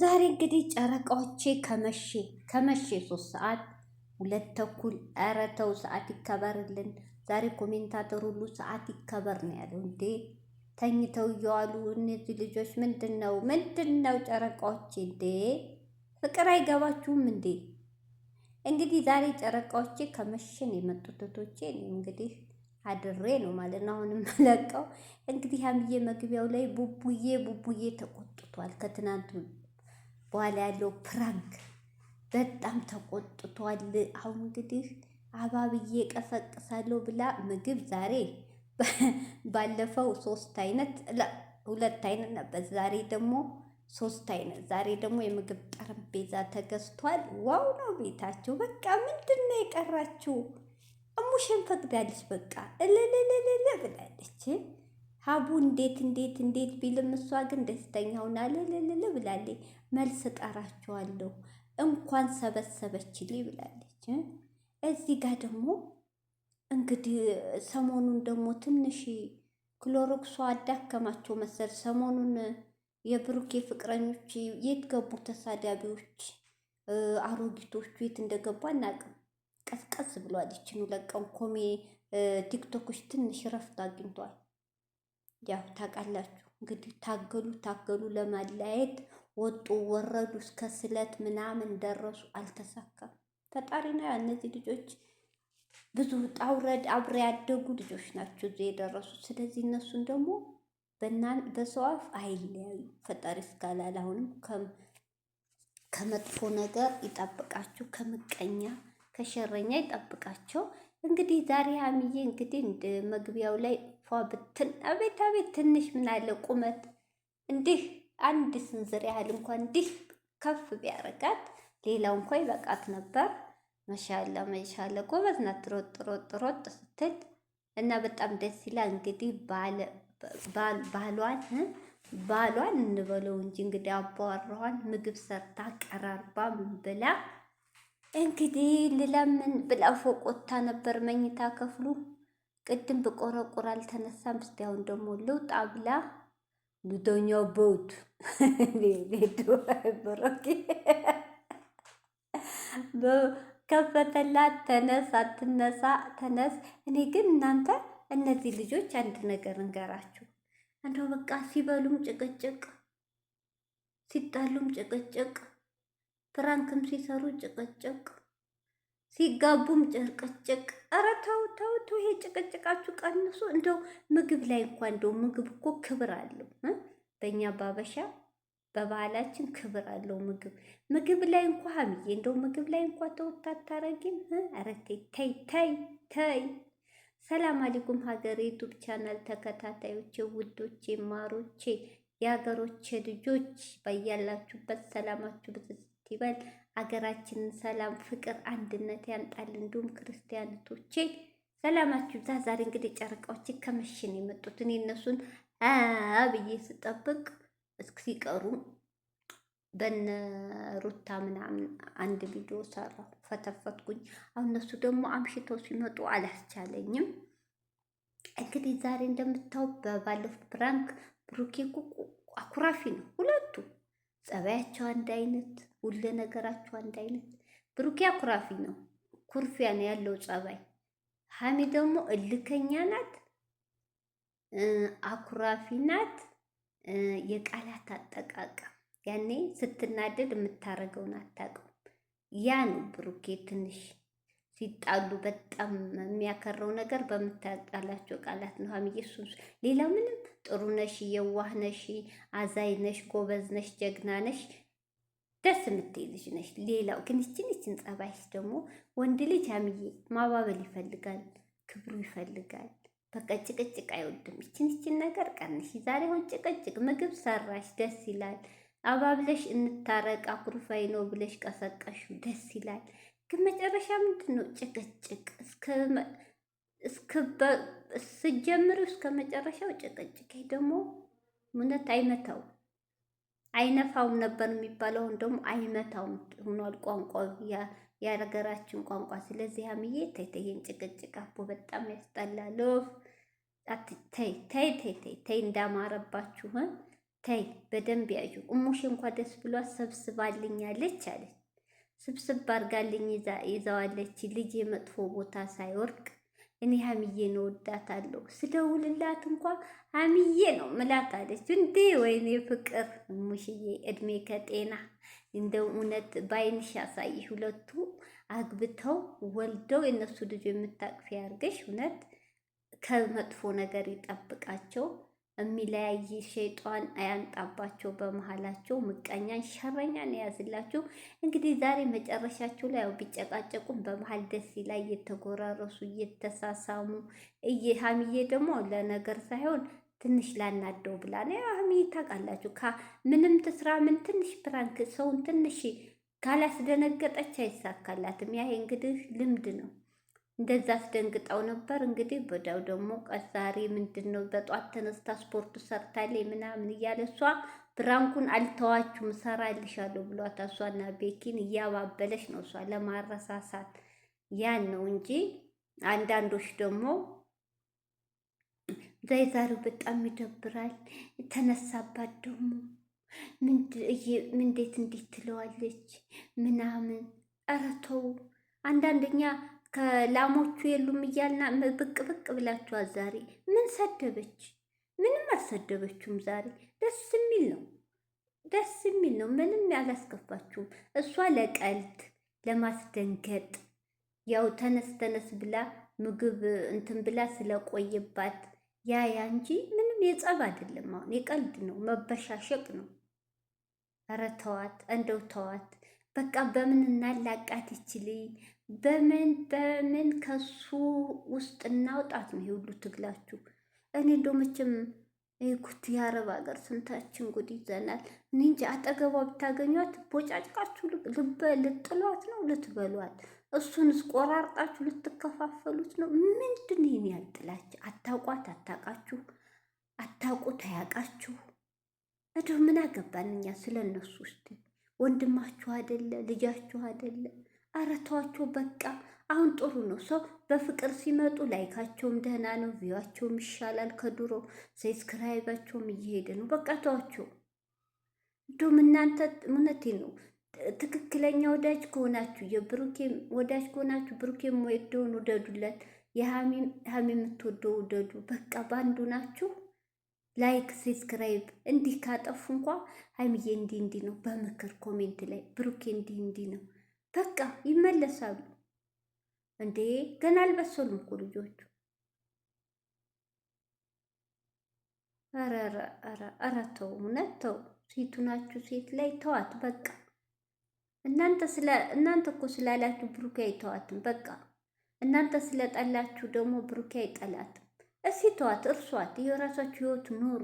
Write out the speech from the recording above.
ዛሬ እንግዲህ ጨረቃዎቼ ከመሼ ከመሼ ሶስት ሰዓት ሁለት ተኩል ኧረ ተው ሰዓት ይከበርልን። ዛሬ ኮሜንታተር ሁሉ ሰዓት ይከበር ነው ያለው። እንዴ ተኝተው እየዋሉ እነዚህ ልጆች ምንድን ነው ምንድን ነው ጨረቃዎቼ? እንዴ ፍቅር አይገባችሁም እንዴ? እንግዲህ ዛሬ ጨረቃዎቼ ከመሸን የመጡት እህቶቼ እንግዲህ አድሬ ነው ማለት ነው። አሁን የምለቀው እንግዲህ ሀምዬ መግቢያው ላይ ቡቡዬ ቡቡዬ ተቆጥቷል ከትናንቱ በኋላ ያለው ፕራንክ በጣም ተቆጥቷል። አሁን እንግዲህ አባብዬ ቀሰቅሳለሁ ብላ ምግብ ዛሬ ባለፈው ሶስት አይነት ሁለት አይነት ነበር። ዛሬ ደግሞ ሶስት አይነት ዛሬ ደግሞ የምግብ ጠረጴዛ ተገዝቷል። ዋው ነው ቤታችሁ። በቃ ምንድን ነው የቀራችሁ? እሙሽን ፈቅዳለች። በቃ እልልልልል ብላለች። ሀቡ እንዴት እንዴት እንዴት ቢልም እሷ ግን ደስተኛ ሆና እልልልል ብላለች። መልስ እጠራቸዋለሁ። እንኳን ሰበሰበችልኝ ብላለች። እዚህ ጋር ደግሞ እንግዲህ ሰሞኑን ደግሞ ትንሽ ክሎሮክሶ አዳከማቸው መሰል። ሰሞኑን የብሩኬ ፍቅረኞች የት ገቡ? ተሳዳቢዎች፣ አሮጊቶቹ የት እንደገቡ አናውቅም። ቀስቀስ ብሏል። ይችን ለቀን ኮሜ ቲክቶኮች ትንሽ ረፍት አግኝቷል። ያው ታውቃላችሁ እንግዲህ ታገሉ ታገሉ ለማለያየት ወጡ ወረዱ፣ እስከ ስለት ምናምን ደረሱ። አልተሳካም። ፈጣሪ ፈጣሪና እነዚህ ልጆች ብዙ ጣውረድ ውረድ አብረ ያደጉ ልጆች ናቸው እዚህ የደረሱት። ስለዚህ እነሱን ደግሞ በሰው አፍ አይለያዩ። ፈጣሪ እስካላል አሁንም ከመጥፎ ነገር ይጠብቃቸው፣ ከምቀኛ ከሸረኛ ይጠብቃቸው። እንግዲህ ዛሬ ሀሚዬ እንግዲህ እንደ መግቢያው ላይ ፏ ብትን አቤት አቤት ትንሽ ምን አለ ቁመት እንዲህ አንድ ስንዝር ያህል እንኳን እንዲህ ከፍ ቢያረጋት ሌላው እንኳ ይበቃት ነበር። መሻላ መሻለ ጎበዝ ናት። ሮጥ ሮጥ ሮጥ ስትል እና በጣም ደስ ይላል። እንግዲህ ባሏን ባሏን እንበለው እንጂ እንግዲህ አባወራዋን ምግብ ሰርታ ቀራርባ ምን ብላ እንግዲህ ልለምን ብላ ፎቅ ወጥታ ነበር መኝታ ክፍሉ። ቅድም ብቆረቁር አልተነሳም። እስቲ አሁን ደግሞ ልውጣ ብላ bisogna boat ብሩኬ ከፈተላት። ተነስ አትነሳ ተነስ። እኔ ግን እናንተ እነዚህ ልጆች አንድ ነገር እንገራችሁ፣ እንደው በቃ ሲበሉም ጭቅጭቅ፣ ሲጣሉም ጭቅጭቅ፣ ፕራንክም ሲሰሩ ጭቅጭቅ ሲጋቡም ጭቅጭቅ። ኧረ ተው ተው ተው፣ ይሄ ጭቅጭቃችሁ ቀንሱ። እንደው ምግብ ላይ እንኳ እንደው ምግብ እኮ ክብር አለው። በእኛ ባበሻ በባህላችን ክብር አለው ምግብ። ምግብ ላይ እንኳ ሀምዬ፣ እንደው ምግብ ላይ እንኳ ተውት አታረጊም። ኧረ ተይ ተይ ተይ። ሰላም አለይኩም ሀገሬ ዩቱብ ቻናል ተከታታዮቼ፣ ውዶቼ፣ ማሮቼ፣ የሀገሮቼ ልጆች በያላችሁበት ሰላማችሁ ብዝት ይበል። አገራችንን ሰላም፣ ፍቅር፣ አንድነት ያንጣል። እንዲሁም ክርስቲያንቶቼ ሰላማችሁ ብዛ ዛሬ እንግዲህ ጨረቃዎች ከመሽን የመጡት እኔ እነሱን ብዬ ስጠብቅ እስኪቀሩ በነ ሩታ ምናምን አንድ ቪዲዮ ሰራሁ፣ ፈተፈትኩኝ። አሁን እነሱ ደግሞ አምሽተው ሲመጡ አላስቻለኝም። እንግዲህ ዛሬ እንደምታው በባለፉት ፕራንክ ብሩኬ አኩራፊ ነው ሁለቱ ጸባያቸው አንድ አይነት፣ ሁለ ነገራቸው አንድ አይነት። ብሩኬ አኩራፊ ነው፣ ኩርፊያ ነው ያለው ጸባይ። ሀሚ ደግሞ እልከኛ ናት፣ አኩራፊ ናት። የቃላት አጠቃቀም ያኔ ስትናደድ የምታረገውን አታውቅም። ያ ነው ብሩኬ ትንሽ ሲጣሉ በጣም የሚያከረው ነገር በምታጣላቸው ቃላት ነው። ሀሚዬ እሱን ሌላ ምንም ጥሩ ነሽ፣ የዋህ ነሽ፣ አዛይ ነሽ፣ ጎበዝ ነሽ፣ ጀግና ነሽ፣ ደስ የምትይ ልጅ ነሽ። ሌላው ግን ይችን ይችን ጸባይሽ ደግሞ ወንድ ልጅ ሀሚዬ ማባበል ይፈልጋል፣ ክብሩ ይፈልጋል። በቃ ጭቅጭቅ አይወድም። ይችን ይችን ነገር ቀንሽ። ዛሬ አሁን ጭቅጭቅ ምግብ ሰራሽ፣ ደስ ይላል። አባብለሽ እንታረቅ አኩርፋይ ነው ብለሽ ቀሰቀሹ፣ ደስ ይላል። ግን መጨረሻ ምንድን ነው ጭቅጭቅ ስጀምር እስከ መጨረሻው ጭቅጭቅ። ደግሞ እውነት አይመታው አይነፋውም ነበር የሚባለውን ደግሞ አይመታውም ሆኗል ቋንቋ የሀገራችን ቋንቋ። ስለዚህ አምዬ ተይ ተይ፣ ይሄን ጭቅጭቅ አቦ በጣም ያስጠላል። ተይ ተይ ተይ ተይ፣ እንዳማረባችሁ ተይ። በደንብ ያዩ እሙሽ እንኳ ደስ ብሏት ሰብስባልኛለች አለች ስብስብ አድርጋልኝ ይዘዋለች። ልጅ የመጥፎ ቦታ ሳይወርቅ እኔ ሀምዬን እወዳታለሁ ስደውልላት እንኳ ሀምዬ ነው ምላት አለች። እንዴ ወይኔ ፍቅር ሙሽዬ፣ እድሜ ከጤና እንደው እውነት ባይንሽ ያሳይሽ። ሁለቱ አግብተው ወልደው የነሱ ልጅ የምታቅፊ ያርገሽ። እውነት ከመጥፎ ነገር ይጠብቃቸው። የሚለያይ ሸይጧን አያምጣባቸው በመሀላቸው ምቀኛን ሸረኛን የያዝላችሁ። እንግዲህ ዛሬ መጨረሻቸው ላይ ያው ቢጨቃጨቁም በመሀል ደስ ላይ እየተጎራረሱ እየተሳሳሙ እየሀሚዬ ደግሞ ለነገር ሳይሆን ትንሽ ላናደው ብላ ነው። ሀሚዬ ታውቃላችሁ፣ ምንም ትስራ ምን ትንሽ ፕራንክ ሰውን ትንሽ ካላስደነገጠች አይሳካላትም። ያ እንግዲህ ልምድ ነው። እንደዛ አስደንግጠው ነበር። እንግዲህ በዳው ደግሞ ቀዛሪ ምንድን ነው በጧት ተነስታ ስፖርቱ ሰርታለች ምናምን እያለ እሷ ብራንኩን አልተዋችሁም እሰራልሻለሁ ብሏታ እሷና ቤኪን እያባበለች ነው እሷ ለማረሳሳት ያን ነው እንጂ አንዳንዶች ደግሞ ዛሬው በጣም ይደብራል። ተነሳባት ደግሞ እንዴት እንዴት ትለዋለች ምናምን ኧረ ተው አንዳንደኛ ከላሞቹ የሉም እያልና ብቅ ብቅ ብላችኋል። ዛሬ ምን ሰደበች? ምንም አልሰደበችውም። ዛሬ ደስ የሚል ነው፣ ደስ የሚል ነው። ምንም ያላስከፋችሁም። እሷ ለቀልድ ለማስደንገጥ ያው ተነስ ተነስ ብላ ምግብ እንትን ብላ ስለቆየባት ያ ያ እንጂ ምንም የጸብ አይደለም። አሁን የቀልድ ነው፣ መበሻሸቅ ነው። ኧረ ተዋት፣ እንደው ተዋት በቃ። በምን እናላቃት ይችልኝ በምን በምን ከሱ ውስጥ እናውጣት ነው የሁሉ ትግላችሁ። እኔ እንደው መቼም ኩት የአረብ ሀገር ስንታችን ጉድ ይዘናል። እኔ እንጂ አጠገቧ ብታገኟት ቦጫጭቃችሁ ልበ ልጥሏት ነው ልትበሏት? እሱንስ ቆራርጣችሁ ልትከፋፈሉት ነው? ምንድን ይህን ያልጥላችሁ? አታውቋት፣ አታውቃችሁ፣ አታውቁት፣ አያውቃችሁ። እንደው ምን አገባን እኛ ስለ እነሱ ውስጥ ወንድማችሁ አደለ ልጃችሁ አደለም አረተዋቸው በቃ አሁን ጥሩ ነው። ሰው በፍቅር ሲመጡ ላይካቸውም ደህና ነው፣ ቪዋቸውም ይሻላል ከድሮ ሰብስክራይባቸውም እየሄደ ነው። በቃ ተዋቸው። እንዲሁም እናንተ እውነቴ ነው ትክክለኛ ወዳጅ ከሆናችሁ የብሩኬ ወዳጅ ከሆናችሁ ብሩኬ ወደውን ውደዱለት፣ የሀሚም የምትወደው ውደዱ። በቃ ባንዱ ናችሁ። ላይክ ሰብስክራይብ እንዲህ ካጠፉ እንኳ ሀይምዬ እንዲህ እንዲህ ነው በምክር ኮሜንት ላይ ብሩኬ እንዲህ እንዲህ ነው በቃ ይመለሳሉ። እንዴ ገና አልበሰሉም እኮ ልጆቹ። ኧረ ተው እውነት ተው። ሴቱ ናችሁ ሴት ላይ ተዋት በቃ። እናንተ ስለ እናንተ እኮ ስላላችሁ ብሩኬ አይተዋትም በቃ። እናንተ ስለጠላችሁ ደግሞ ብሩኬ አይጠላትም። እስኪ ተዋት፣ እርሷት፣ የራሳችሁ ህይወት ኖሩ